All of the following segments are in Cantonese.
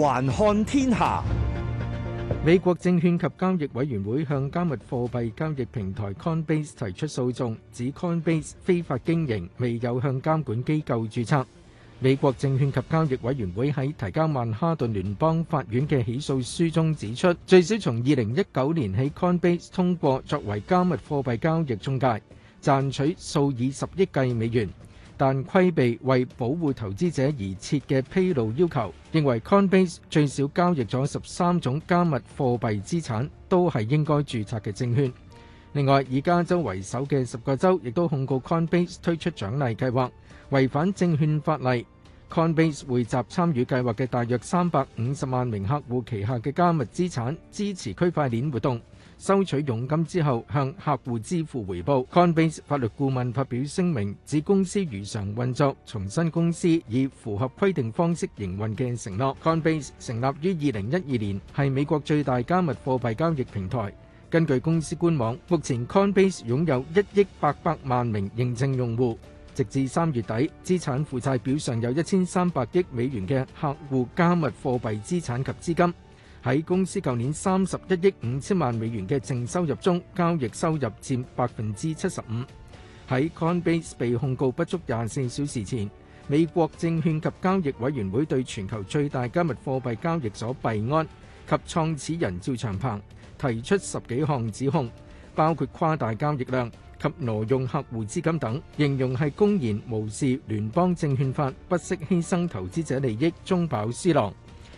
環看天下，美國證券及交易委員會向加密貨幣交易平台 Coinbase 提出訴訟，指 Coinbase 非法經營，未有向監管機構註冊。美國證券及交易委員會喺提交曼哈頓聯邦法院嘅起訴書中指出，最少從二零一九年起，Coinbase 通過作為加密貨幣交易中介，賺取數以十億計美元。但規避為保護投資者而設嘅披露要求，認為 Coinbase 最少交易咗十三種加密貨幣資產，都係應該註冊嘅證券。另外，以加州為首嘅十個州亦都控告 Coinbase 推出獎勵計劃，違反證券法例。Coinbase 匯集參與計劃嘅大約三百五十萬名客戶旗下嘅加密資產支持區塊鏈活動。收取佣金之後，向客戶支付回報。Coinbase 法律顧問發表聲明，指公司如常運作，重申公司以符合規定方式營運嘅承諾。Coinbase 成立於二零一二年，係美國最大加密貨幣交易平台。根據公司官網，目前 Coinbase 擁有一億八百萬名認證用戶，直至三月底，資產負債表上有一千三百億美元嘅客戶加密貨幣資產及資金。喺公司舊年三十一億五千萬美元嘅淨收入中，交易收入佔百分之七十五。喺 Coinbase 被控告不足廿四小時前，美國證券及交易委員會對全球最大加密貨幣交易所幣安及創始人趙長鵬提出十幾項指控，包括誇大交易量及挪用客戶資金等，形容係公然無視聯邦證券法，不惜犧牲投資者利益中飽私囊，中飽私囊。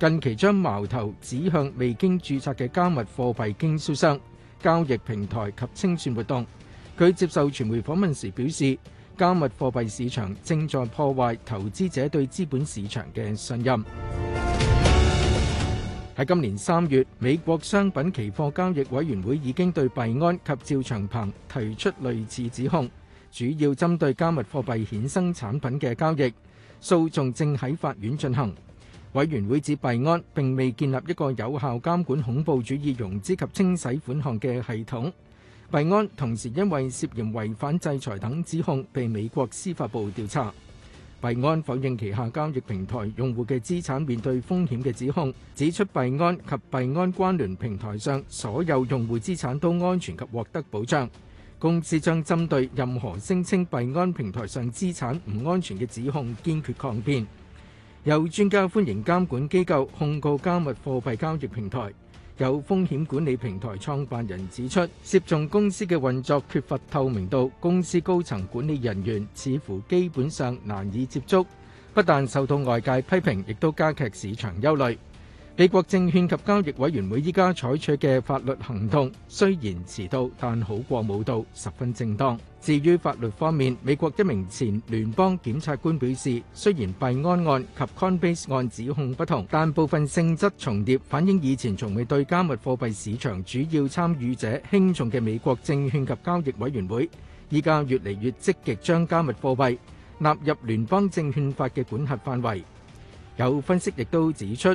近期將矛頭指向未經註冊嘅加密貨幣經銷商、交易平台及清算活動。佢接受傳媒訪問時表示，加密貨幣市場正在破壞投資者對資本市場嘅信任。喺今年三月，美國商品期貨交易委員會已經對幣安及趙長鵬提出類似指控，主要針對加密貨幣衍生產品嘅交易。訴訟正喺法院進行。委員會指幣安並未建立一個有效監管恐怖主義融資及清洗款項嘅系統。幣安同時因為涉嫌違反制裁等指控，被美國司法部調查。幣安否認旗下交易平台用戶嘅資產面對風險嘅指控，指出幣安及幣安關聯平台上所有用戶資產都安全及獲得保障。公司將針對任何聲稱幣安平台上資產唔安全嘅指控，堅決抗辯。有專家歡迎監管機構控告加密貨幣交易平台。有風險管理平台創辦人指出，涉眾公司嘅運作缺乏透明度，公司高層管理人員似乎基本上難以接觸，不但受到外界批評，亦都加劇市場憂慮。美國證券及交易委員會依家採取嘅法律行動雖然遲到，但好過冇到，十分正當。至於法律方面，美國一名前聯邦檢察官表示，雖然幣安案及 Coinbase 案指控不同，但部分性質重疊，反映以前從未對加密貨幣市場主要參與者輕重嘅美國證券及交易委員會，依家越嚟越積極將加密貨幣納入聯邦證券法嘅管轄範圍。有分析亦都指出，